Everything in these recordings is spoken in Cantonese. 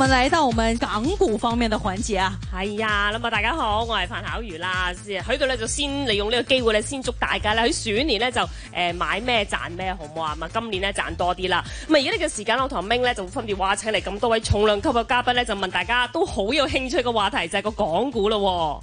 咁嚟到我哋港股方面嘅環節啊，係啊、哎。咁、嗯、啊大家好，我係范巧如啦，許佢咧就先利用呢個機會咧，先祝大家咧喺鼠年咧就誒、呃、買咩賺咩，好唔好啊？咁、嗯、啊今年咧賺多啲啦。咁啊而家呢個時間我同阿明 n 咧就分別話，請嚟咁多位重量級嘅嘉賓咧，就問大家都好有興趣嘅話題就係、是、個港股咯、哦。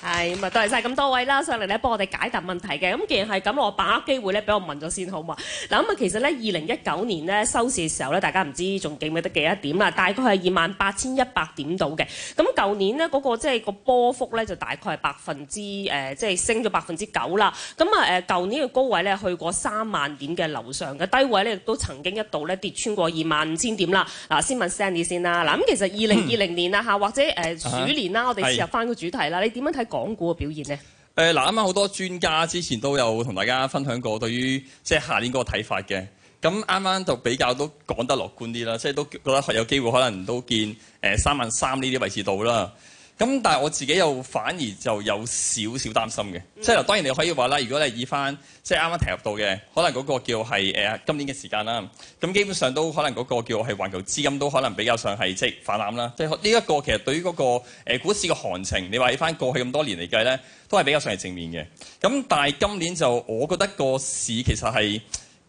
係，咁啊、哎，多謝晒咁多位啦，上嚟咧幫我哋解答問題嘅。咁既然係咁，我把握機會咧，俾我問咗先好嘛。嗱咁啊，其實咧，二零一九年咧收市嘅時候咧，大家唔知仲記唔記得幾多點啦，大概係二萬八千一百點到嘅。咁舊年呢、那個，嗰個即係個波幅咧，就大概係百分之即係、就是、升咗百分之九啦。咁啊舊年嘅高位咧去過三萬點嘅樓上嘅，低位咧亦都曾經一度咧跌穿過二萬五千點啦。嗱，先問 Sandy 先啦。嗱咁其實二零二零年啊、嗯、或者誒鼠、呃、年啦，uh huh. 我哋試入翻個主題啦，是你點樣睇？港股嘅表現咧？誒嗱、呃，啱啱好多專家之前都有同大家分享過對於即係下年嗰個睇法嘅，咁啱啱就比較都講得樂觀啲啦，即係都覺得有機會可能都見誒三萬三呢啲位置到啦。咁但係我自己又反而就有少少擔心嘅，即係、嗯、當然你可以話啦，如果你係以翻即係啱啱入到嘅，可能嗰個叫係、呃、今年嘅時間啦。咁基本上都可能嗰個叫係環球資金都可能比較上係即係泛濫啦。即係呢一個其實對於嗰、嗰個、呃、股市嘅行情，你話以翻過去咁多年嚟計咧，都係比較上係正面嘅。咁但係今年就我覺得個市其實係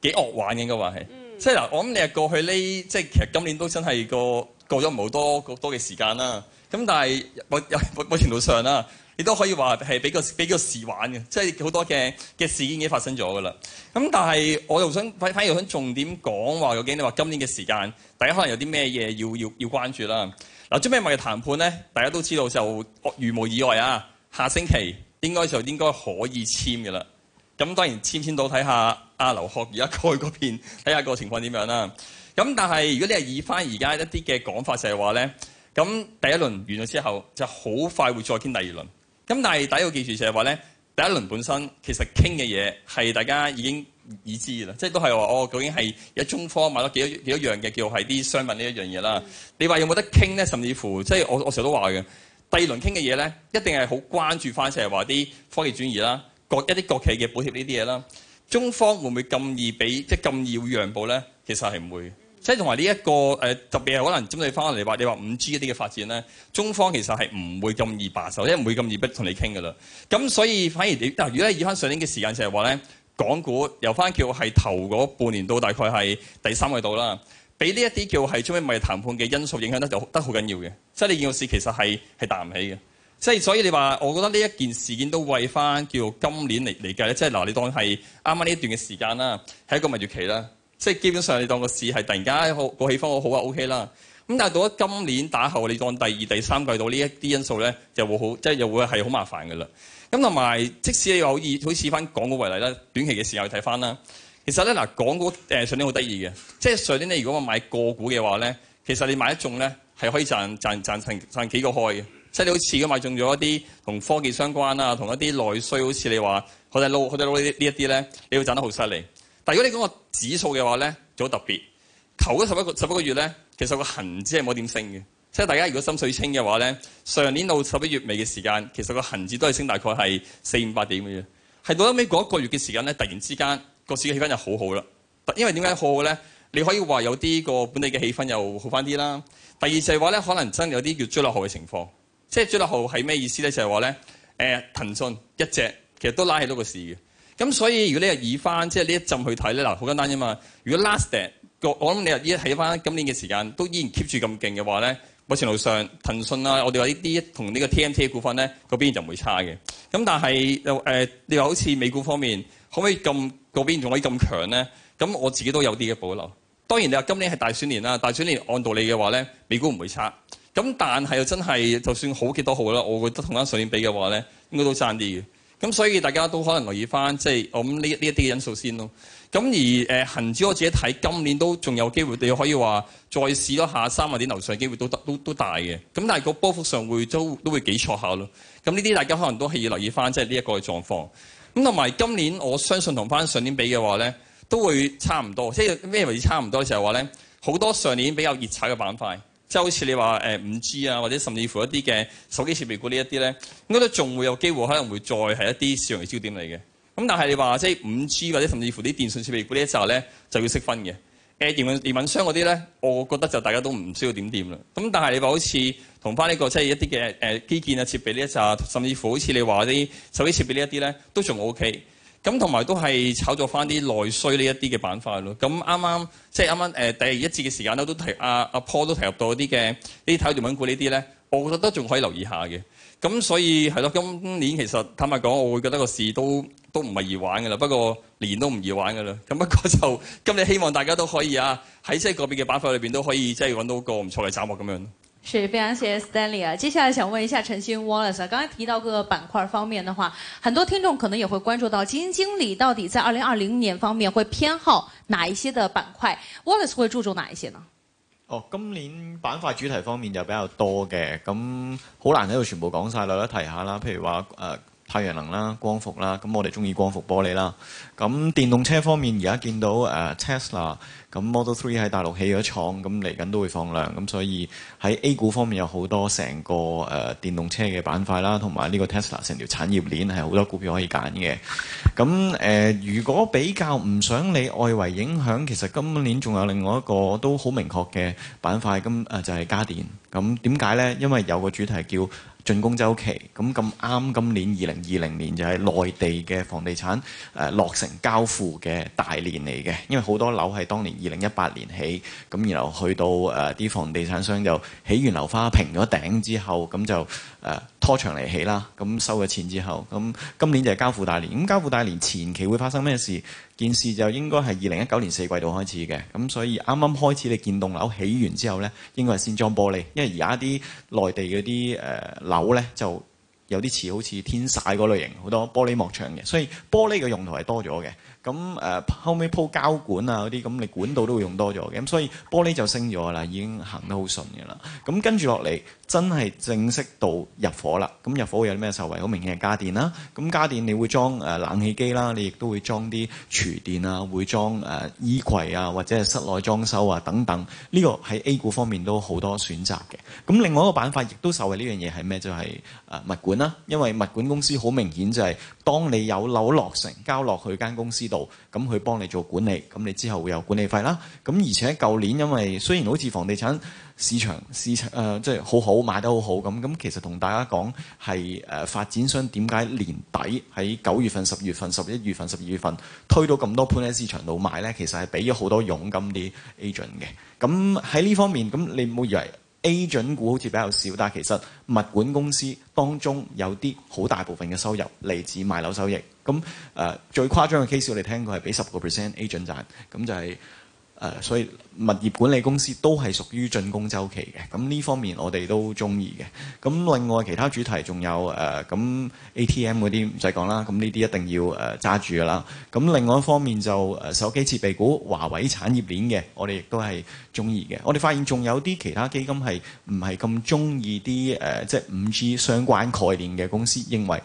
幾惡玩嘅應該話係、嗯。即係嗱，我諗你係過去呢，即係其實今年都真係過過咗唔好多過多嘅時間啦。咁但係，某某某程度上啦，亦都可以話係比較比較時玩嘅，即係好多嘅嘅事件已經發生咗噶啦。咁但係，我又想反反而想重點講話，究竟你話今年嘅時間，大家可能有啲咩嘢要要要關注啦。嗱，中美貿易談判咧，大家都知道就如無意外啊，下星期應該就應該可以簽噶啦。咁當然簽簽到睇下，阿劉鶴而家去嗰邊睇下個情況點樣啦。咁但係，如果你係以翻而家一啲嘅講法，就係話咧。咁第一輪完咗之後，就好快會再傾第二輪。咁但係第一個記住就係話咧，第一輪本身其實傾嘅嘢係大家已經已知啦，即係都係話哦，究竟係一中方買咗幾多幾多樣嘅叫係啲商品呢一樣嘢啦。嗯、你話有冇得傾咧？甚至乎即係我我成日都話嘅，第二輪傾嘅嘢咧，一定係好關注翻，就係話啲科技轉移啦、各一啲國企嘅補貼呢啲嘢啦。中方會唔會咁易俾即係咁易會讓步咧？其實係唔會。即係同埋呢一個、呃、特別係可能針對翻嚟話，你話五 G 一啲嘅發展咧，中方其實係唔會咁易把手，即係唔會咁易逼同你傾㗎啦。咁所以反而你嗱，如果以翻上年嘅時間就係話咧，港股由翻叫係頭嗰半年到大概係第三季度啦，俾呢一啲叫係中美貿易談判嘅因素影響得就得好緊要嘅。即係呢件事其實係係彈唔起嘅。即係所以你話，我覺得呢一件事件都為翻叫今年嚟嚟計咧，即係嗱，你當係啱啱呢一段嘅時間啦，係一個蜜月期啦。即係基本上你當個市係突然間個氣氛好好啊 OK 啦，咁但係到咗今年打後，你當第二、第三季度呢一啲因素咧，就會好，即係又會係好麻煩㗎啦。咁同埋即使你可以好似翻港股為例啦，短期嘅時候睇翻啦，其實咧嗱，港股誒上年好得意嘅，即係上年你如果買個股嘅話咧，其實你買一中咧係可以賺賺賺成賺，賺，賺，賺幾個開嘅，即係你好似咁買中咗一啲同科技相關啦，同一啲內需，好似你話好大路好大路呢呢一啲咧，你要賺得好犀利。但如果你講個指數嘅話咧，就好特別。頭嗰十一個十一個月咧，其實個恒指係冇點升嘅。即係大家如果心水清嘅話咧，上年到十一月尾嘅時間，其實個恒指都係升大概係四五百點嘅嘢。係到咗尾嗰一個月嘅時間咧，突然之間個市嘅氣氛就好好啦。因為點解好好咧？你可以話有啲個本地嘅氣氛又好翻啲啦。第二就係話咧，可能真有啲叫追落號嘅情況。即係追落號係咩意思咧？就係話咧，誒騰訊一隻其實都拉起到個市嘅。咁、嗯、所以如果你係以翻即係呢一陣去睇咧，嗱、嗯、好簡單啫嘛。如果 lasted，d a 我諗你又依家睇翻今年嘅時間，都依然 keep 住咁勁嘅話咧，某程度上騰訊啊，我哋話呢啲同呢個 TMT 嘅股份咧，嗰邊就唔會差嘅。咁但係又誒，你話好似美股方面，可唔可以咁嗰邊仲可以咁強咧？咁我自己都有啲嘅保留。當然你話今年係大選年啦，大選年按道理嘅話咧，美股唔會差。咁但係又真係就算好極都好啦，我覺得同啱上年比嘅話咧，應該都爭啲嘅。咁所以大家都可能留意翻，即係我諗呢呢一啲因素先咯。咁而誒、呃、恒指我自己睇今年都仲有機會，你可以話再試多下三萬點樓上嘅機會都得都都大嘅。咁但係個波幅上會都都會幾錯下咯。咁呢啲大家可能都係要留意翻，即係呢一個嘅狀況。咁同埋今年我相信同翻上年比嘅話咧，都會差唔多。即係咩為之差唔多嘅時候咧，好多上年比較熱炒嘅板塊。即係好似你話誒五 G 啊，或者甚至乎一啲嘅手機設備股呢一啲咧，應該都仲會有機會可能會再係一啲市場嘅焦點嚟嘅。咁但係你話即係五 G 或者甚至乎啲電訊設備股呢一紮咧，就要識分嘅。誒營運營運商嗰啲咧，我覺得就大家都唔需要點掂啦。咁但係你話好似同翻呢個即係一啲嘅誒基建啊、設備呢一紮，甚至乎好似你話啲手機設備呢一啲咧，都仲 O K。咁同埋都係炒作翻啲內需呢一啲嘅板塊咯。咁啱啱即係啱啱第一節嘅時間啦，都提阿阿、啊啊、Paul 都提及到一啲嘅啲稀土銳股呢啲咧，我覺得都仲可以留意下嘅。咁所以係咯，今年其實坦白講，我會覺得個市都都唔係易玩㗎啦。不過年都唔易玩㗎啦。咁不過就今日希望大家都可以啊，喺即係個別嘅板塊裏面都可以即係搵到個唔錯嘅斬獲咁樣。是非常謝謝 Stanley 啊！接下來想問一下陳欣 Wallace 剛剛才提到各個板塊方面的話，很多聽眾可能也會關注到基金經理到底在二零二零年方面會偏好哪一些的板塊，Wallace 會注重哪一些呢？哦，今年板塊主題方面就比較多嘅，咁好難喺度全部講曬啦，提下啦，譬如話誒太陽能啦、光伏啦，咁我哋中意光伏玻璃啦。咁電動車方面，而家見到誒、啊、Tesla，咁 Model Three 喺大陸起咗廠，咁嚟緊都會放量。咁所以喺 A 股方面有好多成個誒、呃、電動車嘅板塊啦，同埋呢個 Tesla 成條產業鏈係好多股票可以揀嘅。咁誒、呃，如果比較唔想你外圍影響，其實今年仲有另外一個都好明確嘅板塊，咁誒就係家電。咁點解呢？因為有個主題叫竣工週期咁咁啱，今年二零二零年就係內地嘅房地產落成交付嘅大年嚟嘅，因為好多樓係當年二零一八年起，咁然後去到啲房地產商就起完樓花平咗頂之後，咁就拖長嚟起啦，咁收咗錢之後，咁今年就係交付大年，咁交付大年前期會發生咩事？件事就應該係二零一九年四季度開始嘅，咁所以啱啱開始你棟樓建棟樓起完之後呢，應該係先裝玻璃，因為而家啲內地嗰啲誒樓呢，就有啲似好似天曬嗰類型，好多玻璃幕牆嘅，所以玻璃嘅用途係多咗嘅。咁、呃、後尾鋪膠管啊嗰啲，咁你管道都會用多咗嘅，咁所以玻璃就升咗啦，已經行得好順嘅啦。咁跟住落嚟，真係正式到入伙啦。咁入伙會有啲咩受惠？好明顯係家電啦、啊。咁家電你會裝、呃、冷氣機啦，你亦都會裝啲廚電啊，會裝、呃、衣櫃啊，或者係室內裝修啊等等。呢、這個喺 A 股方面都好多選擇嘅。咁另外一個板塊亦都受惠呢樣嘢係咩？就係、是呃、物管啦、啊，因為物管公司好明顯就係、是、當你有樓落成交落去間公司。度咁佢幫你做管理，咁你之後會有管理費啦。咁而且舊年因為雖然好似房地產市場市場，誒即係好好，賣得好好咁，咁其實同大家講係誒發展商點解年底喺九月份、十月份、十一月份、十二月份推到咁多盤喺市場度賣呢？其實係俾咗好多佣金啲 agent 嘅。咁喺呢方面，咁你唔好以為 agent 股好似比較少，但係其實物管公司當中有啲好大部分嘅收入嚟自賣樓收益。咁誒，最誇張嘅 case 我哋聽過係俾十個 percent agent 賺，咁就係、是、誒，所以。物業管理公司都係屬於進攻周期嘅，咁呢方面我哋都中意嘅。咁另外其他主題仲有誒，咁 ATM 嗰啲唔使講啦，咁呢啲一定要誒揸、呃、住㗎啦。咁另外一方面就、呃、手機設備股、華為產業鏈嘅，我哋亦都係中意嘅。我哋發現仲有啲其他基金係唔係咁中意啲誒，即係五 G 相關概念嘅公司，認為誒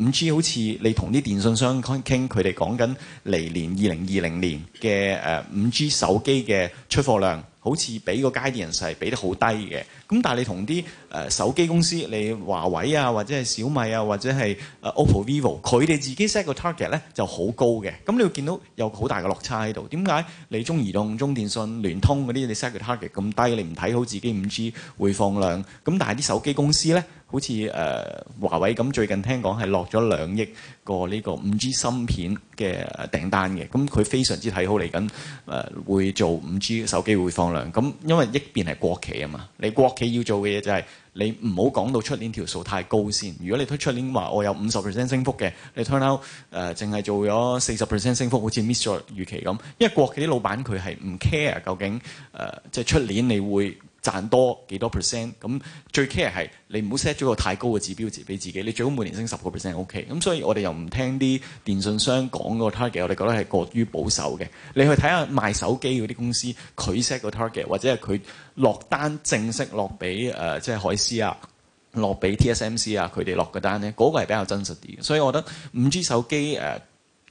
五、呃、G 好似你同啲電信商傾，佢哋講緊嚟年二零二零年嘅誒五 G 手機嘅。出貨量好似俾個 guidance 係俾得好低嘅，咁但係你同啲誒手機公司，你華為啊，或者係小米啊，或者係 OPPO、VIVO，佢哋自己 set 個 target 咧就好高嘅，咁你會見到有好大嘅落差喺度。點解你中移動、中電信、聯通嗰啲你 set 個 target 咁低，你唔睇好自己五 G 回放量？咁但係啲手機公司咧？好似誒、呃、華為咁，最近聽講係落咗兩億個呢個五 G 芯片嘅訂單嘅，咁佢非常之睇好嚟緊誒會做五 G 手機會放量。咁因為一邊係國企啊嘛，你國企要做嘅嘢就係你唔好講到出年條數太高先。如果你推出年話我有五十 percent 升幅嘅，你 turn out 誒淨係做咗四十 percent 升幅，好似 miss 咗預期咁。因為國企啲老闆佢係唔 care 究竟誒即係出年你會。賺多幾多 percent？咁最 care 係你唔好 set 咗個太高嘅指標值俾自己，你最好每年升十個 percent OK。咁所以我哋又唔聽啲電訊商講個 target，我哋覺得係過於保守嘅。你去睇下賣手機嗰啲公司，佢 set 個 target 或者係佢落單正式落俾誒，即係、呃就是、海思啊，落俾 TSMC 啊，佢哋落嘅單咧，嗰、那個係比較真實啲嘅。所以我覺得五 G 手機誒。呃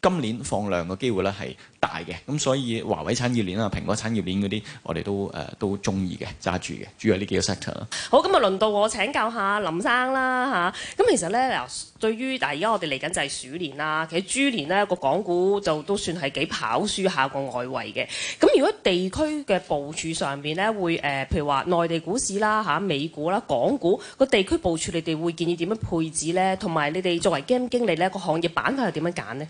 今年放量嘅機會咧係大嘅，咁所以華為產業鏈啊、蘋果產業鏈嗰啲，我哋都誒、呃、都中意嘅，揸住嘅，主要係呢幾個 sector 咯。好，咁啊輪到我請教下林生啦嚇。咁、啊、其實咧嗱，對於但係而家我哋嚟緊就係鼠年啦，其實豬年咧個港股就都算係幾跑輸下的個外圍嘅。咁如果地區嘅部署上邊咧，會誒、呃、譬如話內地股市啦、嚇、啊、美股啦、啊、港股、個地區部署你哋會建議點樣配置咧？同埋你哋作為基金經理咧，個行業板塊又點樣揀呢？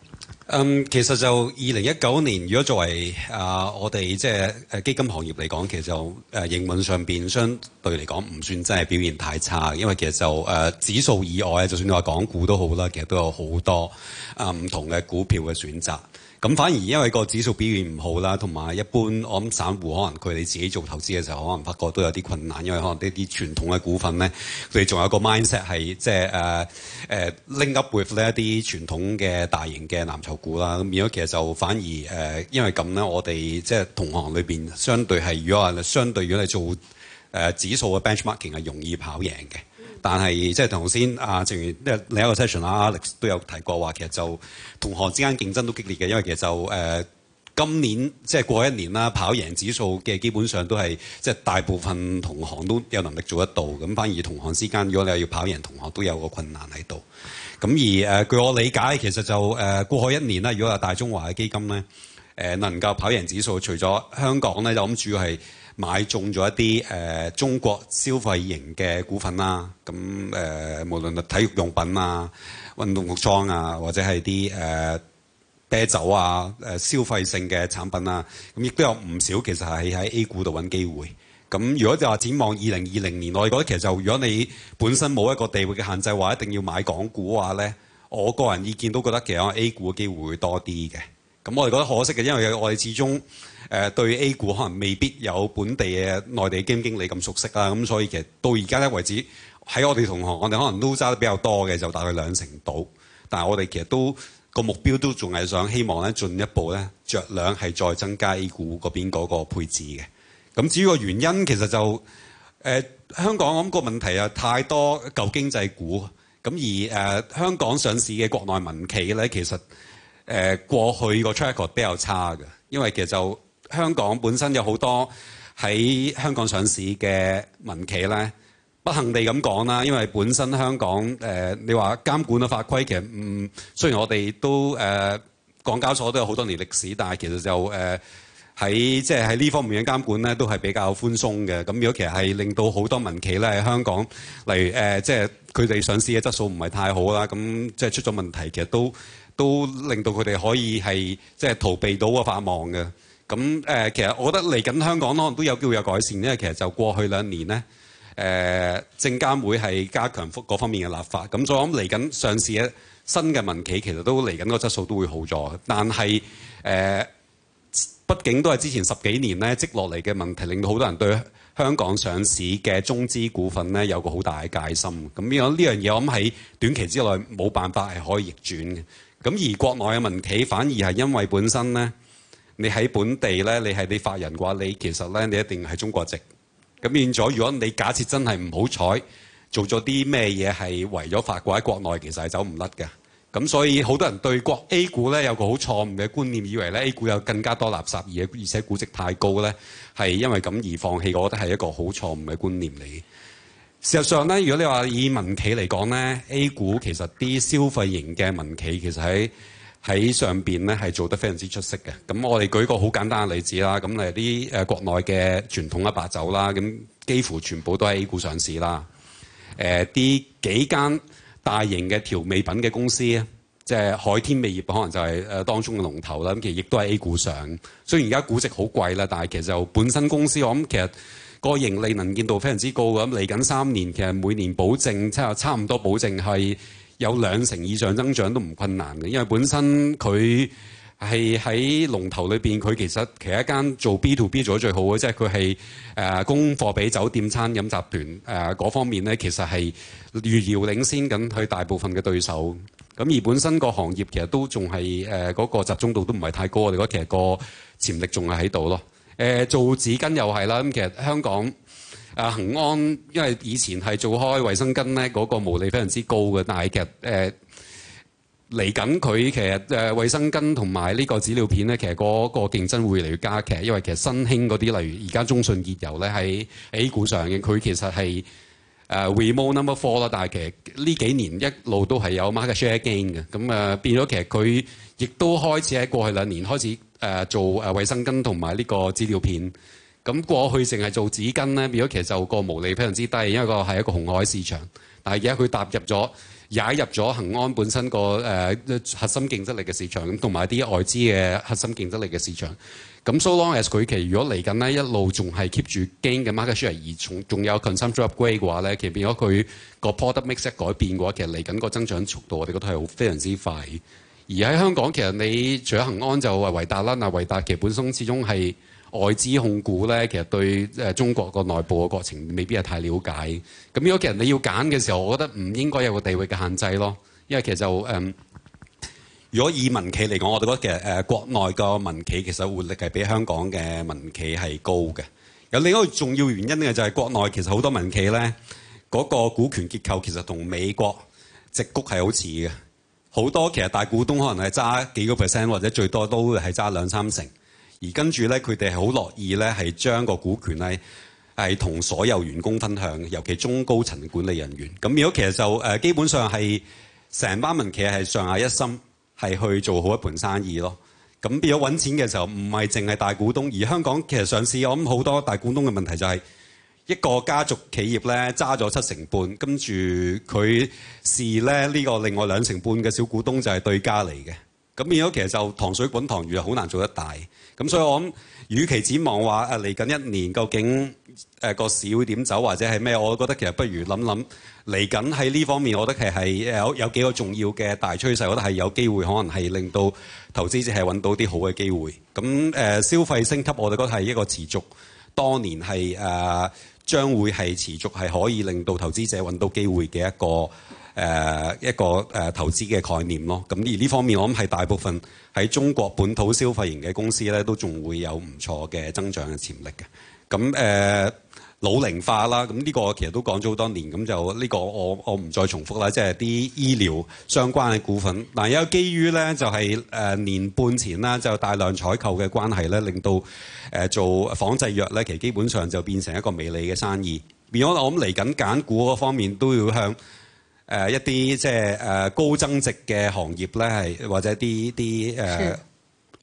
嗯，um, 其實就二零一九年，如果作為啊、uh, 我哋即係基金行業嚟講，其實就、uh, 英文上面相對嚟講唔算真係表現太差，因為其實就呃、uh, 指數以外，就算你話港股都好啦，其實都有好多啊唔、uh, 同嘅股票嘅選擇。咁反而因為個指數表現唔好啦，同埋一般我諗散戶可能佢哋自己做投資嘅時候，可能發覺都有啲困難，因為可能呢啲傳統嘅股份咧，佢哋仲有個 mindset 係即係、就、誒、是、誒、uh, uh, link up with 呢一啲傳統嘅大型嘅藍籌股啦。咁如果其實就反而誒、呃、因為咁咧，我哋即係同行裏邊相對係如果話相對如果你做誒、呃、指數嘅 benchmarking 係容易跑贏嘅。但係即係頭先阿正如即係另一個 session 啊，Alex 都有提過話，其實就同行之間競爭都激烈嘅，因為其實就誒、呃、今年即係、就是、過一年啦，跑贏指數嘅基本上都係即、就是、大部分同行都有能力做得到，咁反而同行之間如果你係要跑贏同行都有個困難喺度。咁而誒、呃、據我理解，其實就誒、呃、過去一年啦，如果話大中華嘅基金咧、呃，能夠跑贏指數，除咗香港咧，就諗主要係，買中咗一啲誒、呃、中國消費型嘅股份啦，咁誒、呃、無論係體育用品啊、運動服裝啊，或者係啲誒啤酒啊、誒、呃、消費性嘅產品啊，咁亦都有唔少其實係喺 A 股度搵機會。咁如果就話展望二零二零年，我覺得其實就如果你本身冇一個地域嘅限制，話一定要買港股嘅話咧，我個人意見都覺得其實喺 A 股嘅機會會多啲嘅。咁我哋覺得可惜嘅，因為我哋始終誒對 A 股可能未必有本地嘅內地經經理咁熟悉啦，咁所以其實到而家咧為止，喺我哋同行，我哋可能都揸得比較多嘅，就大概兩成度。但係我哋其實都個目標都仲係想希望咧進一步咧着量係再增加 A 股嗰邊嗰個配置嘅。咁至於個原因，其實就誒、呃、香港我諗個問題啊，太多舊經濟股，咁而誒、呃、香港上市嘅國內民企咧，其實。誒、呃、過去個 track 比較差嘅，因為其實就香港本身有好多喺香港上市嘅民企咧，不幸地咁講啦，因為本身香港誒、呃、你話監管嘅法規其實唔、嗯，雖然我哋都誒、呃、港交所都有好多年歷史，但係其實就誒喺即係喺呢方面嘅監管咧都係比較寬鬆嘅。咁如果其實係令到好多民企咧喺香港嚟誒，即係佢哋上市嘅質素唔係太好啦，咁即係出咗問題，其實都。都令到佢哋可以係即係逃避到個法網嘅。咁誒，其實我覺得嚟緊香港可能都有機會有改善，因為其實就過去兩年咧誒、呃、證監會係加強嗰方面嘅立法咁，所以我諗嚟緊上市嘅新嘅民企其實都嚟緊個質素都會好咗。但係誒、呃、畢竟都係之前十幾年咧積落嚟嘅問題，令到好多人對香港上市嘅中資股份咧有個好大嘅戒心。咁樣呢樣嘢，我諗喺短期之內冇辦法係可以逆轉嘅。咁而國內嘅民企反而係因為本身咧，你喺本地咧，你係你法人嘅話，你其實咧你一定係中國籍。咁變咗，如果你假設真係唔好彩，做咗啲咩嘢係違咗法嘅話，喺國內其實係走唔甩嘅。咁所以好多人對國 A 股咧有個好錯誤嘅觀念，以為咧 A 股有更加多垃圾嘢，而且估值太高咧，係因為咁而放棄。我覺得係一個好錯誤嘅觀念嚟。事實上咧，如果你話以民企嚟講咧，A 股其實啲消費型嘅民企其實喺喺上邊咧係做得非常之出色嘅。咁我哋舉個好簡單嘅例子啦，咁例啲誒國內嘅傳統嘅白酒啦，咁幾乎全部都係 A 股上市啦。誒、呃、啲幾間大型嘅調味品嘅公司咧，即、就、係、是、海天味業可能就係誒當中嘅龍頭啦。咁其實亦都係 A 股上，雖然而家估值好貴啦，但係其實就本身公司我諗其實。個盈利能見度非常之高咁，嚟緊三年其實每年保證差差唔多，保證係有兩成以上增長都唔困難嘅，因為本身佢係喺龍頭裏面，佢其實其實一間做 B to B 做得最好嘅，即係佢係誒供貨俾酒店、餐飲集團嗰方面咧，其實係如遙遙領先緊佢大部分嘅對手。咁而本身個行業其實都仲係誒嗰個集中度都唔係太高，我哋覺得其實個潛力仲係喺度咯。誒、呃、做紙巾又係啦，咁其實香港啊恆、呃、安，因為以前係做開衛生巾咧，嗰、那個毛利非常之高嘅，但係其實誒嚟緊佢其實誒衛生巾同埋呢個紙尿片咧，其實嗰、呃、個競、那個那個、爭會嚟越加劇，因為其實新興嗰啲例如而家中信潔油中順潔柔咧喺 A 股上嘅，佢其實係。誒、uh, remove number four 啦，但係其實呢幾年一路都係有 market share gain 嘅，咁誒、呃、變咗其實佢亦都開始喺過去兩年開始誒、呃、做誒衛生巾同埋呢個紙尿片，咁過去淨係做紙巾咧，變咗其實就個毛利非常之低，因為個係一個紅海市場，但係而家佢踏入咗，也入咗恒安本身個誒、呃、核心競爭力嘅市場，咁同埋啲外資嘅核心競爭力嘅市場。咁 so long as 佢其實如果嚟緊咧一路仲係 keep 住 gain 嘅 market share，而仲仲有 consumption upgrade 嘅話咧，其實變咗佢個 product mix 改變嘅話，其實嚟緊個增長速度我哋覺得係好非常之快。而喺香港其實你除咗恒安就維達啦，嗱維達其實本身始終係外資控股咧，其實對誒中國個內部嘅過程未必係太了解。咁如果其實你要揀嘅時候，我覺得唔應該有個地域嘅限制咯，因為其實就誒。Um, 如果以民企嚟講，我哋覺得其實誒、呃、國內個民企其實活力係比香港嘅民企係高嘅。有另外一個重要原因咧，就係國內其實好多民企咧，嗰、那個股權結構其實同美國矽谷係好似嘅。好多其實大股東可能係揸幾個 percent，或者最多都係揸兩三成。而跟住咧，佢哋係好樂意咧係將個股權咧係同所有員工分享，尤其中高層管理人員。咁如果其實就誒、呃、基本上係成班民企係上下一心。係去做好一盤生意咯，咁變咗揾錢嘅時候唔係淨係大股東。而香港其實上市我諗好多大股東嘅問題就係一個家族企業咧揸咗七成半，跟住佢視咧呢個另外兩成半嘅小股東就係對家嚟嘅。咁變咗其實就糖水滾糖魚係好難做得大，咁所以我諗，與其展望話嚟緊一年究竟誒個、啊、市會點走，或者係咩，我都覺得其實不如諗諗嚟緊喺呢方面，我覺得其實係有有幾個重要嘅大趨勢，我覺得係有機會可能係令到投資者係揾到啲好嘅機會。咁、啊、消費升級，我哋覺得係一個持續多年係、啊、將會係持續係可以令到投資者揾到機會嘅一個。誒、呃、一個誒、呃、投資嘅概念咯。咁而呢方面，我諗係大部分喺中國本土消費型嘅公司咧，都仲會有唔錯嘅增長嘅潛力嘅。咁、嗯、誒、呃、老齡化啦，咁、這、呢個我其實都講咗好多年，咁就呢、這個我我唔再重複啦。即係啲醫療相關嘅股份，但有基於咧就係、是、誒、呃、年半前啦，就大量採購嘅關係咧，令到誒、呃、做仿製藥咧，其實基本上就變成一個微利嘅生意。變咗我諗嚟緊揀股嗰方面都要向。誒、呃、一啲即係誒高增值嘅行業咧，係或者啲啲誒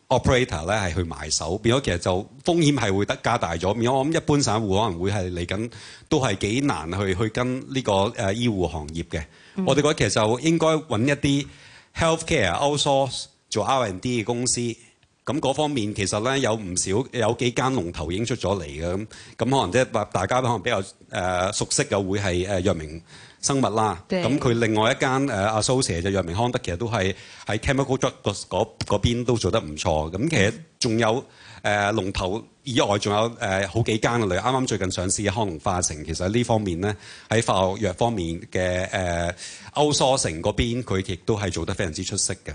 operator 咧係去買手，變咗其實就風險係會得加大咗。變咗我諗一般散戶可能會係嚟緊，都係幾難去去跟呢、這個誒、呃、醫護行業嘅。嗯、我哋覺得其實就應該揾一啲 healthcare outsource 做 R and D 嘅公司。咁嗰方面其實咧有唔少有幾間龍頭已經出咗嚟嘅咁。咁可能即係話大家可能比較誒、呃、熟悉嘅會係誒藥明，呃生物啦，咁佢對另外一間誒阿蘇 Sir 就藥明康德其實都係喺 chemical drugs 嗰邊都做得唔錯。咁其實仲有誒龍的、呃、頭以外還有，仲有誒好幾間嘅。例如啱啱最近上市嘅康龍化成，其實喺呢方面咧，喺化學藥方面嘅誒 outsourcing 嗰邊，佢亦都係做得非常之出色嘅。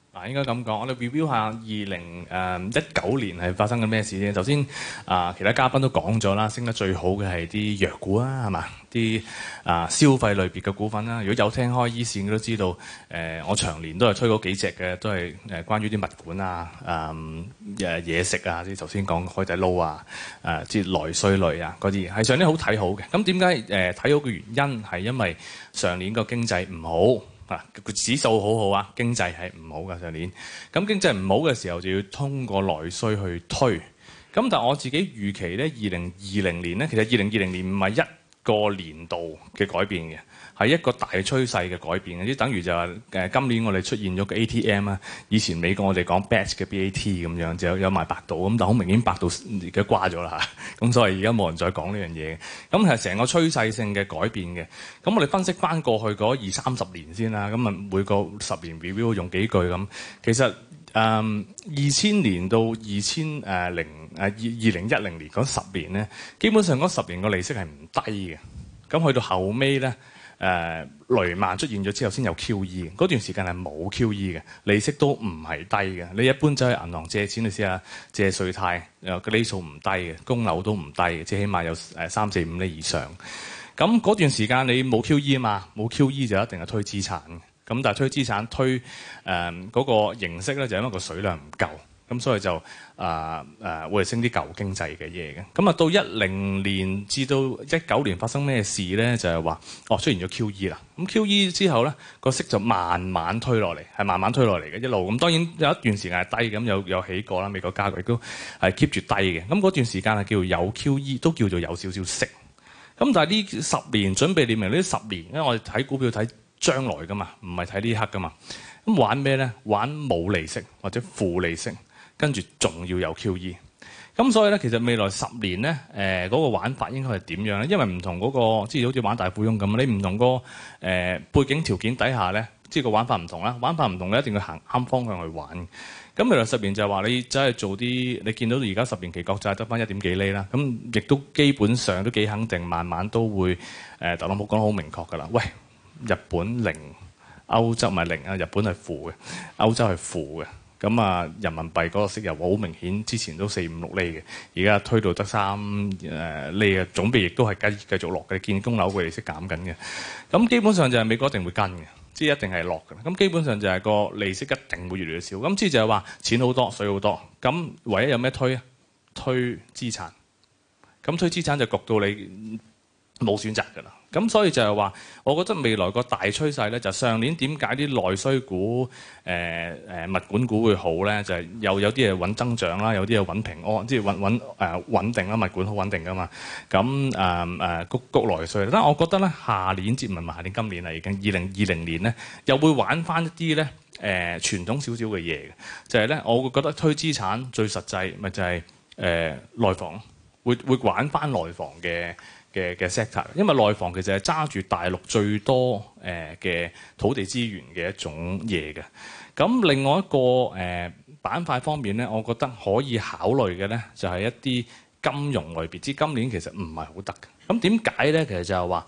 嗱，應該咁講，我哋 review 下二零誒一九年係發生緊咩事先。首先，啊、呃，其他嘉賓都講咗啦，升得最好嘅係啲藥股啊，係嘛？啲啊、呃、消費類別嘅股份啦，如果有聽開 e 線嘅都知道，誒、呃，我長年都係吹嗰幾隻嘅，都係誒、呃、關於啲物管啊、誒、呃、嘢食啊，即頭先講海底撈啊、誒、呃、即係內需類啊嗰啲，係上年好睇、呃、好嘅。咁點解誒睇好嘅原因係因為上年個經濟唔好。啊，個指數好好啊，經濟係唔好㗎，上年，咁經濟唔好嘅時候就要通過內需去推，咁但係我自己預期呢，二零二零年呢，其實二零二零年唔係一個年度嘅改變嘅。係一個大趨勢嘅改變嘅，即等於就係、是、誒今年我哋出現咗個 A T M 啦。以前美國我哋講 Batch 嘅 B A T 咁樣，就有有賣百度咁，但好明顯百度而家掛咗啦嚇。咁所以而家冇人再講呢樣嘢。咁係成個趨勢性嘅改變嘅。咁我哋分析翻過去嗰二三十年先啦。咁啊每個十年 review 用幾句咁，其實誒二千年到二千誒零誒二二零一零年嗰十年咧，基本上嗰十年個利息係唔低嘅。咁去到後尾咧。誒、呃、雷曼出現咗之後才、e，先有 QE，嗰段時間係冇 QE 嘅，利息都唔係低嘅。你一般走去銀行借錢，你試下，借稅貸，個利息數唔低嘅，供樓都唔低嘅，即係起碼有誒三四五厘以上。咁嗰段時間你冇 QE 啊嘛，冇 QE 就一定係推資產嘅。咁但係推資產推誒嗰、呃那個形式咧，就係、因為個水量唔夠。咁所以就啊誒會係升啲舊經濟嘅嘢嘅。咁啊，到一零年至到一九年發生咩事咧？就係話哦，出現咗 Q E 啦。咁 Q E 之後咧，個息就慢慢推落嚟，係慢慢推落嚟嘅一路。咁當然有一段時間係低咁，有有起過啦。美國加國亦都係 keep 住低嘅。咁嗰段時間係叫做有 Q E，都叫做有少少息。咁但係呢十年準備列明呢十年，因為我哋睇股票睇將來㗎嘛，唔係睇呢刻㗎嘛。咁玩咩咧？玩冇利息或者負利息，跟住仲要有 QE，咁所以咧，其實未來十年咧，誒嗰個玩法應該係點樣咧？因為唔同嗰個，即係好似玩大富翁咁啊！你唔同個誒背景條件底下咧，即係個玩法唔同啦。玩法唔同咧，一定要行啱方向去玩。咁未來十年就係話你真係做啲，你見到而家十年期國債得返一點幾厘啦。咁亦都基本上都幾肯定，慢慢都會誒特朗普講得好明確㗎啦。喂，日本零，歐洲咪零啊，日本係負嘅，歐洲係負嘅。咁啊，人民幣嗰個息又好明顯，之前都四五六厘嘅，而家推到得三誒釐啊，準備亦都係繼繼續落嘅，建公樓嘅利息減緊嘅。咁基本上就係美國一定會跟嘅，即係一定係落嘅。咁基本上就係個利息一定會越來越少。咁即係就係話錢好多，水好多。咁唯一有咩推啊？推資產。咁推資產就焗到你。冇選擇㗎啦，咁所以就係話，我覺得未來個大趨勢咧，就上、是、年點解啲內需股誒誒、呃、物管股會好咧？就係、是、有有啲嘢穩增長啦，有啲嘢穩平安，即係穩穩誒穩定啦。物管好穩定㗎嘛，咁誒誒谷谷內需。但我覺得咧，下年接唔係下年，今年啦已經二零二零年咧，又會玩翻一啲咧誒傳統少少嘅嘢嘅，就係、是、咧，我會覺得推資產最實際、就是，咪就係誒內房會會玩翻內房嘅。嘅嘅 sector，因為內房其實係揸住大陸最多誒嘅土地資源嘅一種嘢嘅。咁另外一個誒板塊方面咧，我覺得可以考慮嘅咧，就係一啲金融類別，之今年其實唔係好得嘅。咁點解咧？其實就係話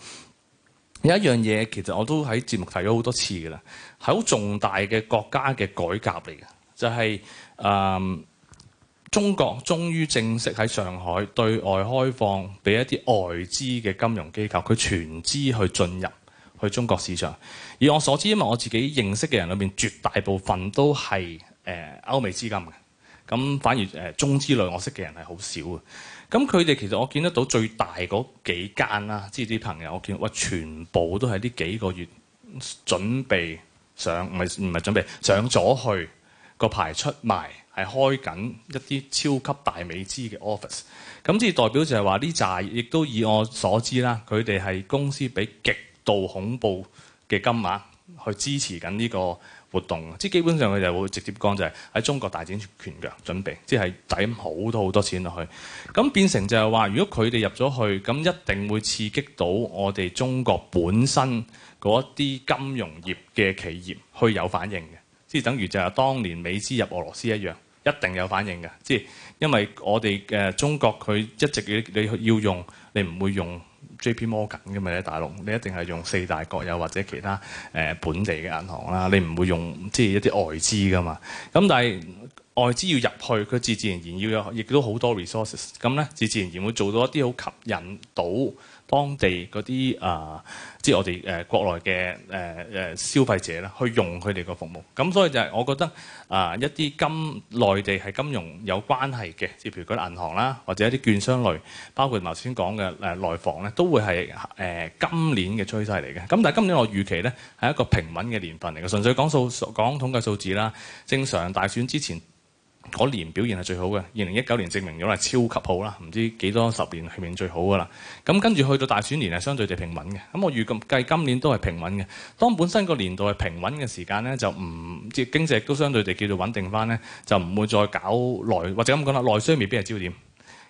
有一樣嘢，其實我都喺節目提咗好多次㗎喇，係好重大嘅國家嘅改革嚟嘅，就係誒。中國終於正式喺上海對外開放，俾一啲外資嘅金融機構，佢全資去進入去中國市場。以我所知，因為我自己認識嘅人裏面絕大部分都係誒歐美資金嘅，咁反而誒、呃、中資類我識嘅人係好少嘅。咁佢哋其實我見得到最大嗰幾間啦，即係、啊、啲朋友我見到，哇、呃，全部都係呢幾個月準備上，唔係，唔係準備上咗去。嗯個排出賣，係開緊一啲超級大美資嘅 office，咁即係代表就係話呢扎，亦都以我所知啦，佢哋係公司俾極度恐怖嘅金額去支持緊呢個活動，即係基本上佢哋會直接講就係喺中國大展拳腳，準備即係抌好多好多錢落去，咁變成就係話，如果佢哋入咗去，咁一定會刺激到我哋中國本身嗰啲金融業嘅企業去有反應嘅。即係等於就係當年美資入俄羅斯一樣，一定有反應嘅。即係因為我哋嘅中國佢一直要你要用，你唔會用 J.P. Morgan 㗎嘛。喺大陸你一定係用四大國有或者其他誒本地嘅銀行啦。你唔會用即係一啲外資噶嘛。咁但係外資要入去，佢自自然然要有，亦都好多 resources。咁咧自自然然會做到一啲好吸引到，當地嗰啲啊，即係我哋誒國內嘅誒誒消費者咧，去用佢哋個服務咁，所以就係我覺得啊，一啲金內地係金融有關係嘅，即係譬如講銀行啦，或者一啲券商類，包括頭先講嘅誒內房咧，都會係誒今年嘅趨勢嚟嘅。咁但係今年我預期咧係一個平穩嘅年份嚟嘅，純粹講數講統計數字啦。正常大選之前，嗰年表現係最好嘅，二零一九年證明咗係超級好啦，唔知幾多十年係面最好㗎啦。咁跟住去到大選年係相對地平穩嘅，咁我預計今年都係平穩嘅。當本身個年代係平穩嘅時間呢，就唔即經濟都相對地叫做穩定翻呢，就唔會再搞內或者咁講啦，內需未必係焦點。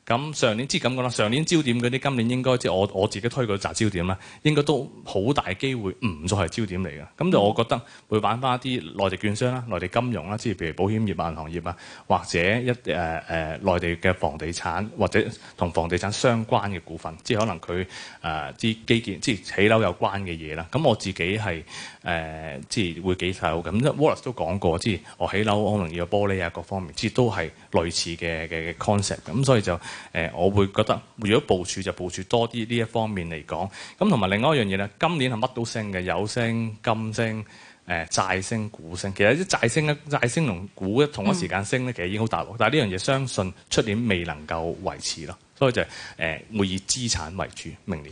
咁上年即係咁講啦，上年焦點嗰啲，今年應該即係我我自己推嘅集焦點啦，應該都好大機會唔再係焦點嚟嘅。咁就我覺得會玩翻一啲內地券商啦、內地金融啦，即係譬如保險業、銀行業啊，或者一誒誒內地嘅房地產或者同房地產相關嘅股份，即係可能佢誒啲基建、即係起樓有關嘅嘢啦。咁我自己係誒、呃、即係會幾睇好咁。Wallace 都講過，即係我起樓可能要玻璃啊各方面，即係都係類似嘅嘅 concept。咁所以就誒、呃，我會覺得如果部署就部署多啲呢一方面嚟講，咁同埋另外一樣嘢咧，今年係乜都升嘅，油升、金升、誒、呃、債升、股升，其實啲債升一債升同股一同一時間升咧，嗯、其實已經好大鑊。但係呢樣嘢相信出年未能夠維持咯，所以就誒、呃、會以資產為主明年。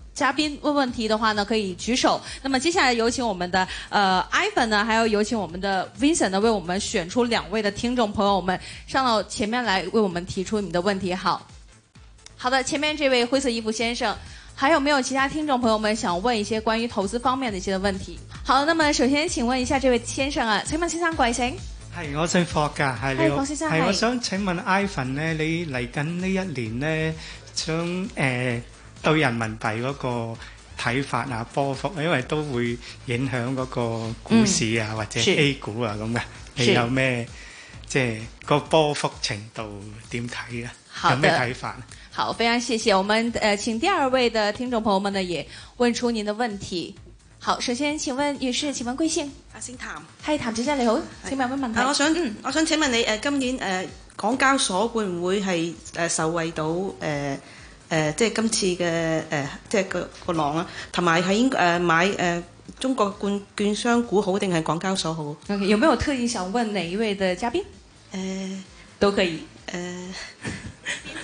嘉賓問問題的話呢，可以舉手。那麼接下來有請我們的呃 iPhone 呢，還有有請我們的 Vincent 呢，為我們選出兩位的聽眾朋友們上到前面來，為我們提出你的問題。好，好的，前面這位灰色衣服先生，還有沒有其他聽眾朋友們想問一些關於投資方面的一些的問題？好的，那麼首先請問一下這位先生啊，請問先生貴姓？係，我姓霍㗎，係，是你好，係，是是我想請問 iPhone 呢，你嚟緊呢一年呢，想誒。呃對人民幣嗰個睇法啊，波幅，因為都會影響嗰個股市啊，嗯、或者 A 股啊咁嘅是，你有咩即係個波幅程度點睇啊？的有咩睇法、啊？好，非常謝謝，我們誒、呃、請第二位嘅聽眾朋友們呢，也問出您的問題。好，首先請問女士，請問貴姓？阿姓譚，係譚先生，你好。是請問有咩問題？我想我想請問你誒、呃、今年誒、呃、港交所會唔會係誒、呃、受惠到誒？呃誒、呃，即係今次嘅誒、呃，即係個個浪啦、啊，同埋喺誒買誒、呃、中國冠券商股好定係港交所好？Okay. 有沒有特意想問哪一位嘅嘉賓？誒、呃，都可以。誒、呃，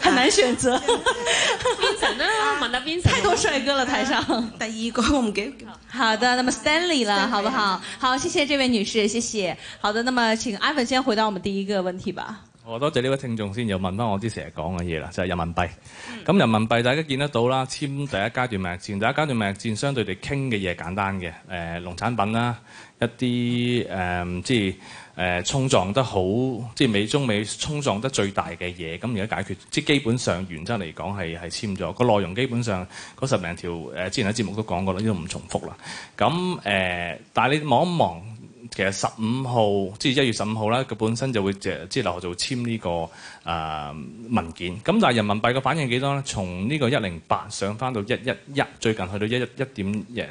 很難選擇。邊馬達邊太多帥哥了台上。啊、第一個我記，我們給好的，那麼 Stanley 了，Stanley 好不好？好，謝謝這位女士，謝謝。好的，那麼請 Ivan 先回答我們第一個問題吧。我多謝呢位聽眾先，又問翻我啲成日講嘅嘢啦，就係、是、人民幣。咁、嗯、人民幣，大家見得到啦，簽第一階段貿戰，第一階段貿戰相對地傾嘅嘢簡單嘅，誒、呃、農產品啦、啊，一啲誒即係誒衝撞得好，即係美中美衝撞得最大嘅嘢，咁而家解決，即係基本上原則嚟講係係簽咗個內容，基本上嗰十零條誒，之前喺節目講都講過啦，呢度唔重複啦。咁誒、呃，但係你望一望。其實十五號，即係一月十五號啦，佢本身就會即係即係留學組簽呢個啊、呃、文件。咁但係人民幣嘅反應幾多咧？從呢個一零八上翻到一一一，最近去到一一一點誒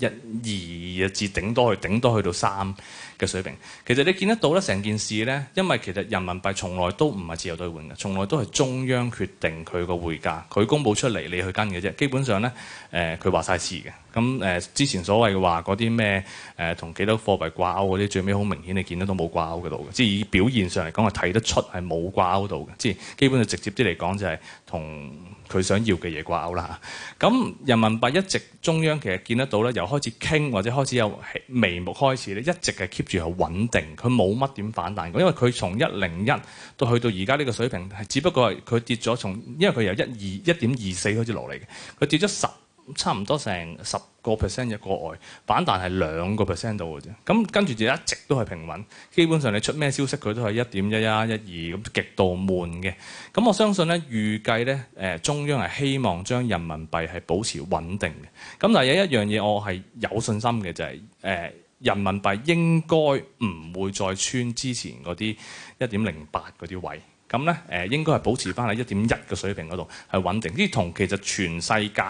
一二，至頂多去頂多去到三嘅水平。其實你見得到咧，成件事咧，因為其實人民幣從來都唔係自由兌換嘅，從來都係中央決定佢個匯價，佢公佈出嚟，你去跟嘅啫。基本上咧，誒佢話晒事嘅。咁誒、呃、之前所謂嘅話嗰啲咩誒同幾多貨幣掛鈎嗰啲，最尾好明顯你見得到都冇掛鈎嘅度嘅，即係以表現上嚟講係睇得出係冇掛鈎度嘅，即係基本就直接啲嚟講就係同佢想要嘅嘢掛鈎啦吓。咁人民幣一直中央其實見得到咧，由開始傾或者開始有眉目開始咧，一直係 keep 住係穩定，佢冇乜點反彈過，因為佢從一零一到去到而家呢個水平只不過係佢跌咗從因為佢由一二一點二四開始落嚟嘅，佢跌咗十。差唔多成十個 percent 嘅國外反彈係兩個 percent 度嘅啫，咁跟住就一直都係平穩，基本上你出咩消息佢都係一點一一一二咁極度悶嘅。咁我相信咧預計咧誒中央係希望將人民幣係保持穩定嘅。咁但係有一樣嘢我係有信心嘅就係、是、誒人民幣應該唔會再穿之前嗰啲一點零八嗰啲位。咁咧，誒應該係保持翻喺一點一嘅水平嗰度係穩定，呢同其實全世界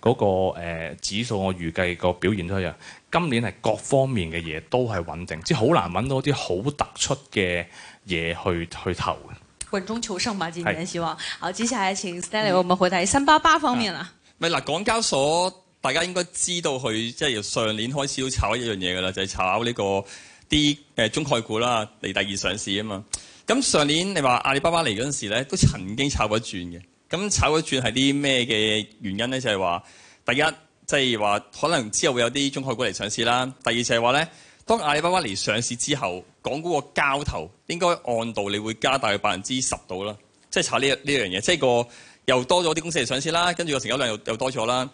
嗰、那個、呃、指數我預計個表現都一樣。今年係各方面嘅嘢都係穩定，即係好難揾到啲好突出嘅嘢去去投嘅。穩中求勝嘛，今年希望是好，接下嚟請 Stanley，我們回睇三八八方面啦。咪嗱、啊，港交所大家應該知道佢即係由上年開始都炒一樣嘢㗎啦，就係、是、炒呢、這個啲誒、呃、中概股啦，嚟第二上市啊嘛。咁上年你話阿里巴巴嚟嗰陣時咧，都曾經炒咗一轉嘅。咁炒咗轉係啲咩嘅原因咧？就係、是、話第一，即係話可能之後會有啲中概股嚟上市啦。第二就係話咧，當阿里巴巴嚟上市之後，港股個交投應該按道理會加大約百分之十到啦。即係炒呢呢樣嘢，即、就、係、是就是、個又多咗啲公司嚟上市啦，跟住個成交量又又多咗啦。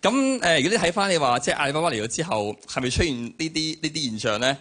咁、呃、如果你睇翻你話，即、就、係、是、阿里巴巴嚟咗之後，係咪出現呢啲呢啲現象咧？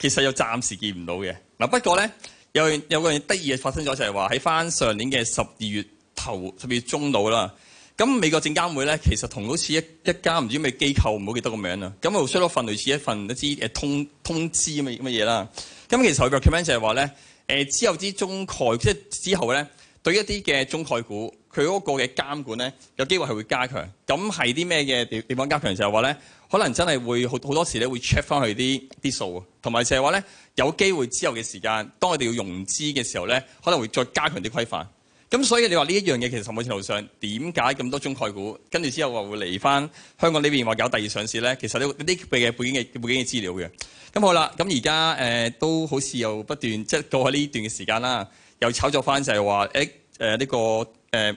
其實又暫時見唔到嘅。嗱，不過咧。有個有個人得意嘅發生咗，就係話喺翻上年嘅十二月頭十二月中到啦。咁美國證監會咧，其實同好似一一家唔知咩機構，唔好記得個名啦。咁又出咗份類似一份一啲誒、啊、通通知咁嘅乜嘢啦。咁、啊、其實佢嘅 comment 就係話咧，誒之後啲中概即係、就是、之後咧，對一啲嘅中概股，佢嗰個嘅監管咧，有機會係會加強。咁係啲咩嘅地方加強？就係話咧。可能真係會好好多時咧，會 check 翻佢啲啲數，同埋就係話咧，有機會之後嘅時間，當我哋要融資嘅時候咧，可能會再加強啲規範。咁所以你話呢一樣嘢其實某程度上點解咁多中概股跟住之後話會嚟翻香港呢邊話搞第二上市咧？其實都啲秘嘅背景嘅背景嘅資料嘅。咁好啦，咁而家誒都好似又不斷即係過去呢段嘅時間啦，又炒作翻就係話誒誒呢個誒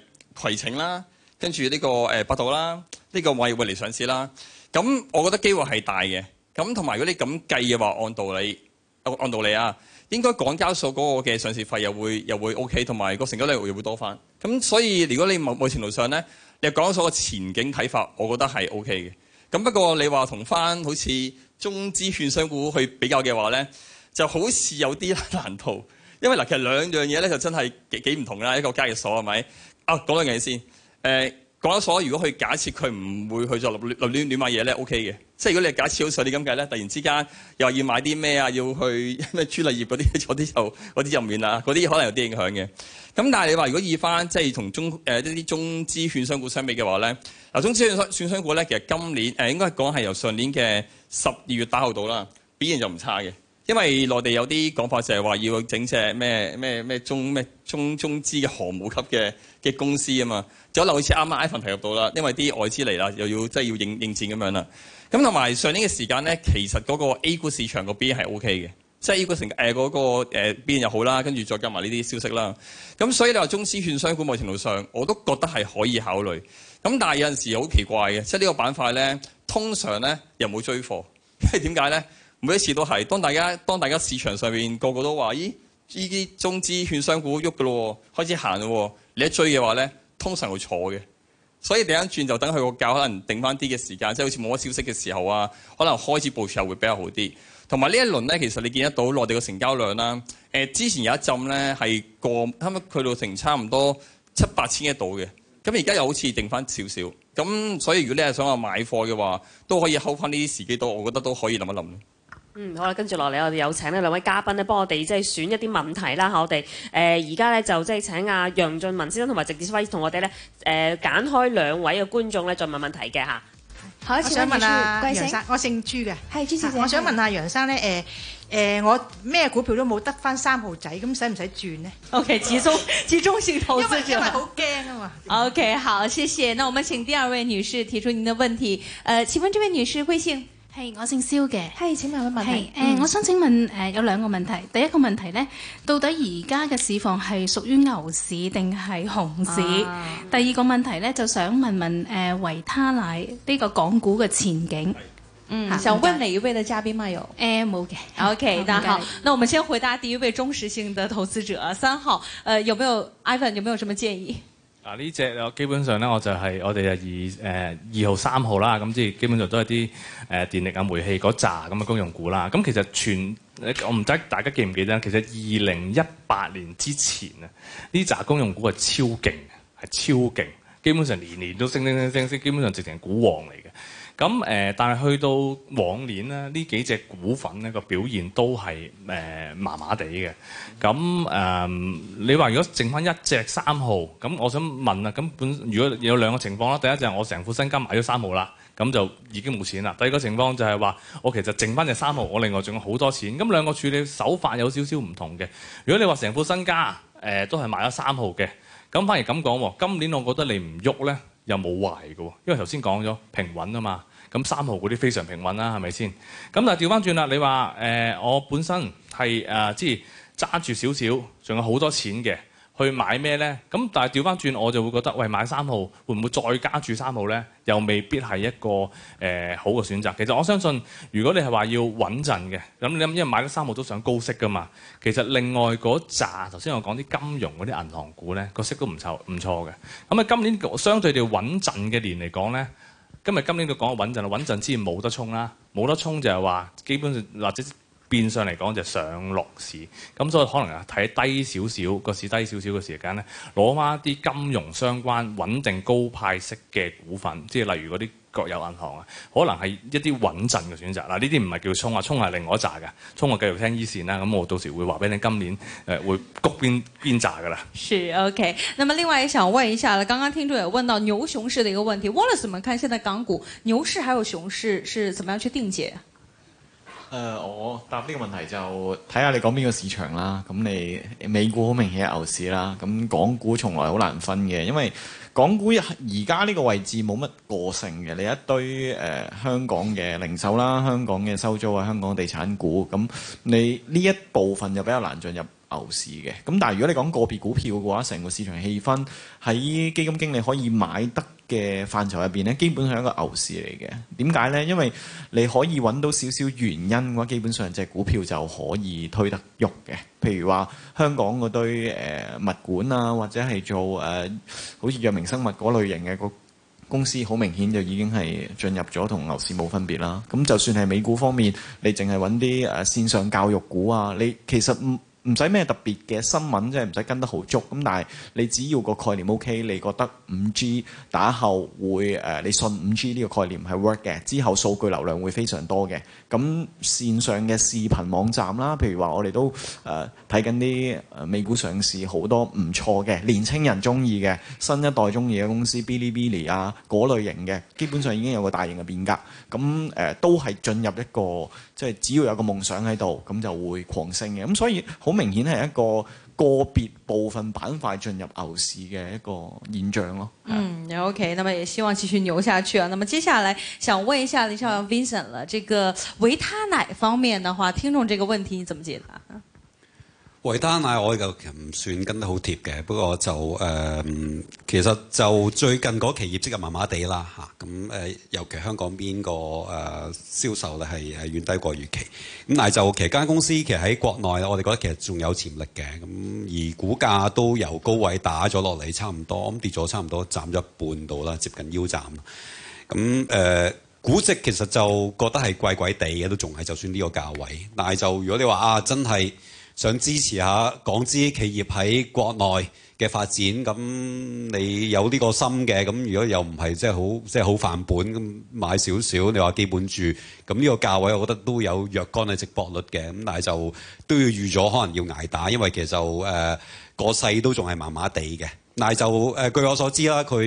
攜程啦，跟住呢個誒百度啦，呢個位會嚟上市啦。咁我覺得機會係大嘅，咁同埋如果你咁計嘅話，按道理，按道理啊，應該港交所嗰個嘅上市費又會又會 O K，同埋個成交率又會多翻。咁所以如果你某某程度上咧，你港交所嘅前景睇法，我覺得係 O K 嘅。咁不過你話同翻好似中資券商股去比較嘅話咧，就好似有啲難度，因為嗱，其實兩樣嘢咧就真係幾幾唔同啦。一個交易所係咪？啊，講兩樣嘢先。呃交易所如果佢假設佢唔會去再立流亂亂買嘢咧，OK 嘅。即係如果你假設好曬你咁計咧，突然之間又話要買啲咩啊，要去咩專利業嗰啲嗰啲就嗰啲入面啦，嗰啲可能有啲影響嘅。咁但係你話如果以翻即係同中誒啲、呃、中資券商股相比嘅話咧，嗱，中資券券商股咧其實今年誒、呃、應該講係由上年嘅十二月打後到啦，表現就唔差嘅。因為內地有啲講法就係話要整隻咩咩咩中咩中中資嘅航母級嘅嘅公司啊嘛，就好似啱啱 iPhone 入到啦，因為啲外資嚟啦，又要真係要應應戰咁樣啦。咁同埋上年嘅時間咧，其實嗰個 A 股市場個 B 係 OK 嘅，即係 A 股成誒嗰個誒 B 又好啦，跟住再加埋呢啲消息啦。咁所以你話中資券商股某程度上，我都覺得係可以考慮。咁但係有陣時好奇怪嘅，即係呢個板塊咧，通常咧又冇追貨，因為點解咧？每一次都係，當大家當大家市場上面個個都話，咦，呢啲中資券商股喐㗎咯，開始行咯，你一追嘅話咧，通常會坐嘅。所以第一轉就等佢個價可能定翻啲嘅時間，即係好似冇乜消息嘅時候啊，可能開始佈局又會比較好啲。同埋呢一輪咧，其實你見得到內地嘅成交量啦。誒、呃，之前有一浸咧係過啱啱去到成差唔多七八千一度嘅，咁而家又好似定翻少少。咁所以如果你係想話買貨嘅話，都可以 hold 翻呢啲時機度，我覺得都可以諗一諗。嗯，好啦，跟住落嚟我哋有請咧兩位嘉賓咧幫我哋即係選一啲問題啦，我哋誒而家咧就即係請阿、啊、楊俊文先生同埋陳志輝同我哋咧誒揀開兩位嘅觀眾咧再問問題嘅吓，啊、好，我想問下貴姓、呃呃？我姓朱嘅，係朱小姐。我想問下楊生咧誒誒，我咩股票都冇得翻三號仔，咁使唔使轉呢？OK，始終始終是因為因為好驚啊嘛。Okay，好，謝謝。那我們請第二位女士提出您的問題。誒、呃，請問這位女士貴姓？係，hey, 我姓蕭嘅。係，hey, 請問個問題。誒、hey, 呃，嗯、我想請問，誒、呃，有兩個問題。第一個問題咧，到底而家嘅市況係屬於牛市定係熊市？啊、第二個問題咧，就想問問，誒、呃，維他奶呢個港股嘅前景？嗯、啊、想問哪一位位嘉賓嘛有？冇嘅，OK，大家好。謝謝，那我們先回答第一位忠實性的投資者，三號，誒、呃，有沒有 Ivan？有沒有什麼建議？嗱，呢隻我基本上咧，我就係、是、我哋二誒、二號三號啦，咁即係基本上都係啲誒、電力啊、煤氣嗰扎咁嘅公用股啦。咁其實全，我唔知大家記唔記得，其實二零一八年之前咧，呢扎公用股係超勁嘅，係超勁，基本上年年都升升升升升，基本上直情係股王嚟嘅。咁誒、呃，但係去到往年咧，呢幾隻股份咧個表現都係誒麻麻地嘅。咁、呃、誒、呃，你話如果剩翻一隻三號，咁我想問啊，咁本如果有兩個情況啦，第一就係我成副身家買咗三號啦，咁就已經冇錢啦。第二個情況就係話，我其實剩翻隻三號，我另外仲有好多錢。咁兩個處理手法有少少唔同嘅。如果你話成副身家誒、呃、都係買咗三號嘅，咁反而咁講喎，今年我覺得你唔喐咧。又冇壞嘅喎，因為頭先講咗平穩啊嘛，咁三號嗰啲非常平穩啦、啊，係咪先？咁但係調返轉啦，你話誒、呃、我本身係即係揸住少少，仲、呃、有好多錢嘅。去買咩呢？咁但係調翻轉我就會覺得，喂，買三號會唔會再加住三號呢？又未必係一個誒、呃、好嘅選擇。其實我相信，如果你係話要穩陣嘅，咁你諗，因為買咗三號都想高息噶嘛。其實另外嗰紮頭先我講啲金融嗰啲銀行股呢，個息都唔錯唔錯嘅。咁啊，今年相對哋穩陣嘅年嚟講呢，今日今年佢講緊穩陣啦，穩陣之前冇得衝啦，冇得衝就係話基本上。或者。變相嚟講就上落市，咁所以可能啊睇低少少個市低少少嘅時間咧，攞翻啲金融相關穩定高派息嘅股份，即係例如嗰啲國有銀行啊，可能係一啲穩陣嘅選擇。嗱，呢啲唔係叫衝啊，衝係另外一紮㗎，衝我繼續聽 e 線啦。咁我到時會話俾你今年誒、呃、會谷邊邊紮噶啦。是 OK。那麼另外也想問一下啦，剛剛聽眾也問到牛熊市的一個問題，Wallace 怎麼看現在港股牛市還有熊市是怎麼樣去定解？誒、呃，我答呢個問題就睇下你講邊個市場啦。咁你美股好明顯係牛市啦。咁港股從來好難分嘅，因為港股而家呢個位置冇乜個性嘅，你一堆誒香港嘅零售啦、香港嘅收租啊、香港，香港地產股。咁你呢一部分就比較難進入。牛市嘅咁，但係如果你講個別股票嘅話，成個市場氣氛喺基金經理可以買得嘅範疇入邊咧，基本係一個牛市嚟嘅。點解咧？因為你可以揾到少少原因嘅話，基本上隻股票就可以推得喐嘅。譬如話香港嗰堆誒物管啊，或者係做誒好似藥明生物嗰類型嘅個公司，好明顯就已經係進入咗同牛市冇分別啦。咁就算係美股方面，你淨係揾啲誒線上教育股啊，你其實。唔使咩特別嘅新聞，即係唔使跟得好足。咁但係你只要個概念 OK，你覺得五 G 打後會、呃、你信五 G 呢個概念係 work 嘅，之後數據流量會非常多嘅。咁線上嘅視頻網站啦，譬如話我哋都誒睇緊啲美股上市好多唔錯嘅年青人中意嘅新一代中意嘅公司，Bilibili 啊嗰類型嘅，基本上已經有個大型嘅變革。咁、呃、都係進入一個。即係只要有一個夢想喺度，咁就會狂升嘅。咁所以好明顯係一個個別部分板塊進入牛市嘅一個現象咯。嗯是，OK，那麼也希望繼續牛下去啊。那麼接下來想問一下李少 Vincent 了，這個維他奶方面的話，聽眾這個問題，你怎麼解答？維他奶，我就唔算跟得好貼嘅，不過就、呃、其實就最近嗰期業績就麻麻地啦，咁尤其香港邊個誒、啊、銷售咧係係遠低過預期，咁但係就其實間公司其實喺國內我哋覺得其實仲有潛力嘅，咁而股價都由高位打咗落嚟，嗯、差唔多咁跌咗差唔多斬咗一半到啦，接近腰斬。咁誒估值其實就覺得係貴貴地嘅，都仲係就算呢個價位，但係就如果你話啊真係。想支持下港資企業喺國內嘅發展，咁你有呢個心嘅，咁如果又唔係即係好即係好翻本，咁買少少，你話基本住，咁呢個價位我覺得都有若干嘅值博率嘅，咁但係就都要預咗可能要捱打，因為其實誒個勢都仲係麻麻地嘅。呃但係就誒、呃，據我所知啦，佢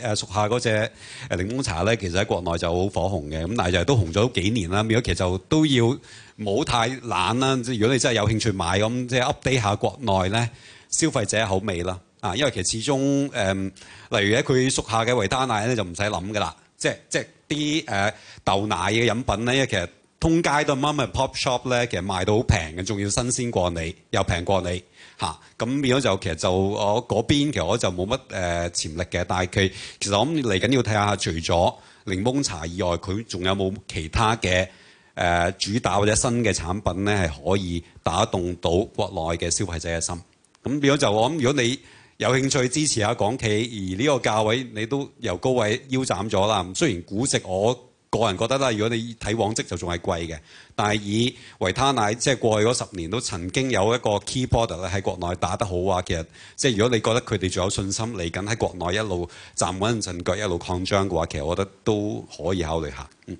誒、呃、屬下嗰隻檸檬茶咧，其實喺國內就好火紅嘅。咁但係就都紅咗幾年啦。如果其實都要唔好太懶啦，如果你真係有興趣買咁，即係 update 下國內咧消費者口味啦。啊，因為其實始終誒、呃，例如咧佢屬下嘅維他奶咧就唔使諗噶啦。即係即係啲誒豆奶嘅飲品咧，因為其實通街都乜乜 pop shop 咧，其實賣到好平嘅，仲要新鮮過你，又平過你。吓！咁變咗就其實就我嗰邊，其實我就冇乜誒潛力嘅。但係佢其實我諗嚟緊要睇下，除咗檸檬茶以外，佢仲有冇其他嘅誒主打或者新嘅產品咧，係可以打動到國內嘅消費者嘅心。咁變咗就我諗，如果你有興趣支持下港企，而呢個價位你都由高位腰斬咗啦。雖然估值我，個人覺得啦，如果你睇往績就仲係貴嘅，但係以維他奶即係過去嗰十年都曾經有一個 key player 喺國內打得好啊。其實即係如果你覺得佢哋仲有信心嚟緊喺國內一路站穩陣腳，一路擴張嘅話，其實我覺得都可以考慮一下。嗯，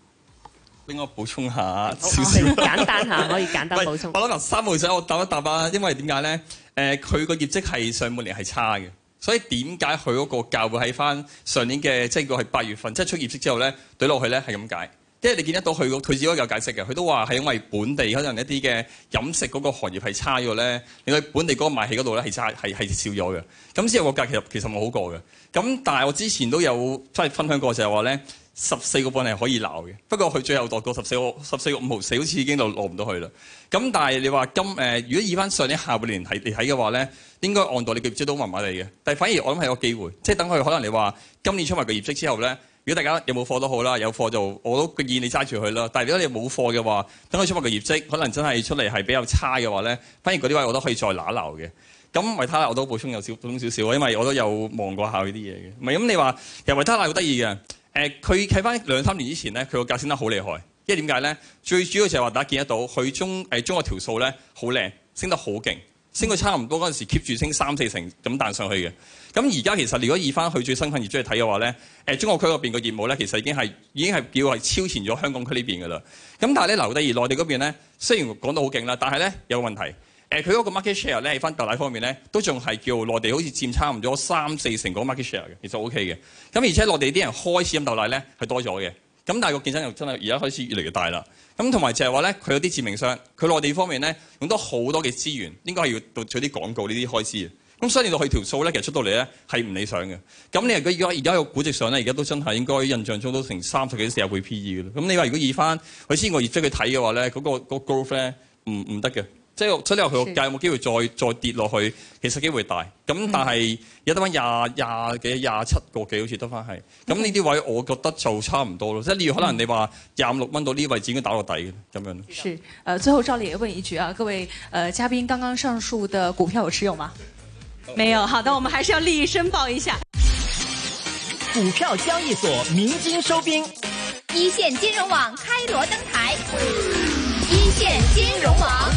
俾我應該補充下少少，哦啊、 簡單下，可以簡單補充。我諗嗱，三號想，我答一答啊，因為點解咧？誒、呃，佢個業績係上半年係差嘅。所以點解佢嗰個價會喺翻上年嘅，即係個係八月份，即係出業績之後咧，對落去咧係咁解？即係你見得到佢，佢自己都有解釋嘅。佢都話係因為本地可能一啲嘅飲食嗰個行業係差咗咧，另外本地嗰個賣氣嗰度咧係差係係少咗嘅。咁之後個價其實其實冇好過嘅。咁但係我之前都有即係分享過就係話咧。十四個半係可以鬧嘅，不過佢最後度過十四個十四個五毫四，好似已經度落唔到去啦。咁但係你話今誒、呃，如果以翻上年下半年睇嚟睇嘅話咧，應該按道理個業績都麻麻地嘅。但係反而我諗係個機會，即係等佢可能你話今年出埋個業績之後咧，如果大家有冇貨都好啦，有貨就我都建議你揸住佢啦。但係如果你冇貨嘅話，等佢出埋個業績，可能真係出嚟係比較差嘅話咧，反而嗰啲位我都可以再拿鬧嘅。咁維他奶我都補充有少補充少少，因為我都有望過下呢啲嘢嘅。唔係咁你話其實維他奶好得意嘅。誒佢睇翻兩三年之前咧，佢個價升得好厲害，因為點解咧？最主要就係話大家見得到佢中、呃、中國條數咧好靚，升得好勁，升到差唔多嗰陣時 keep 住升三四成咁彈上去嘅。咁而家其實如果以翻佢最新份業績嚟睇嘅話咧、呃，中國區嗰邊個業務咧其實已經係已經係叫係超前咗香港區、嗯、呢邊噶啦。咁但係咧留低而內地嗰邊咧，雖然講得好勁啦，但係咧有問題。誒佢嗰個 market share 咧喺翻豆奶方面咧，都仲係叫內地好似佔差唔多三四成嗰 market share 嘅，其實 OK 嘅。咁而且內地啲人開始飲豆奶咧係多咗嘅。咁但係個健身業真係而家開始越嚟越大啦。咁同埋就係話咧，佢有啲致命度，佢內地方面咧用多好多嘅資源，應該係要做取啲廣告呢啲開支嘅。咁所以落去條數咧，其實出到嚟咧係唔理想嘅。咁你如果而家而家個估值上咧，而家都真係應該印象中都成三十幾四十倍 P E 嘅。咁你話如果以翻佢先，我而家去睇嘅話咧，嗰、那個嗰 g r o u p i 唔唔得嘅。那個即係所以話佢個價有冇機會再是的 再跌落去？其實機會大。咁但係有得翻廿廿幾、廿七個幾，好似得翻係。咁呢啲位我覺得就差唔多咯。即係是的 例如可能你話廿五六蚊到呢啲位置已經打到底咁樣咯。是。誒，最後趙力問一句啊，各位誒、呃、嘉賓，剛剛上述嘅股票有持有嗎？哦、沒有。好的，我們還是要利益申報一下。股票交易所鳴金收兵，一線金融網開鑼登台，一線金融網。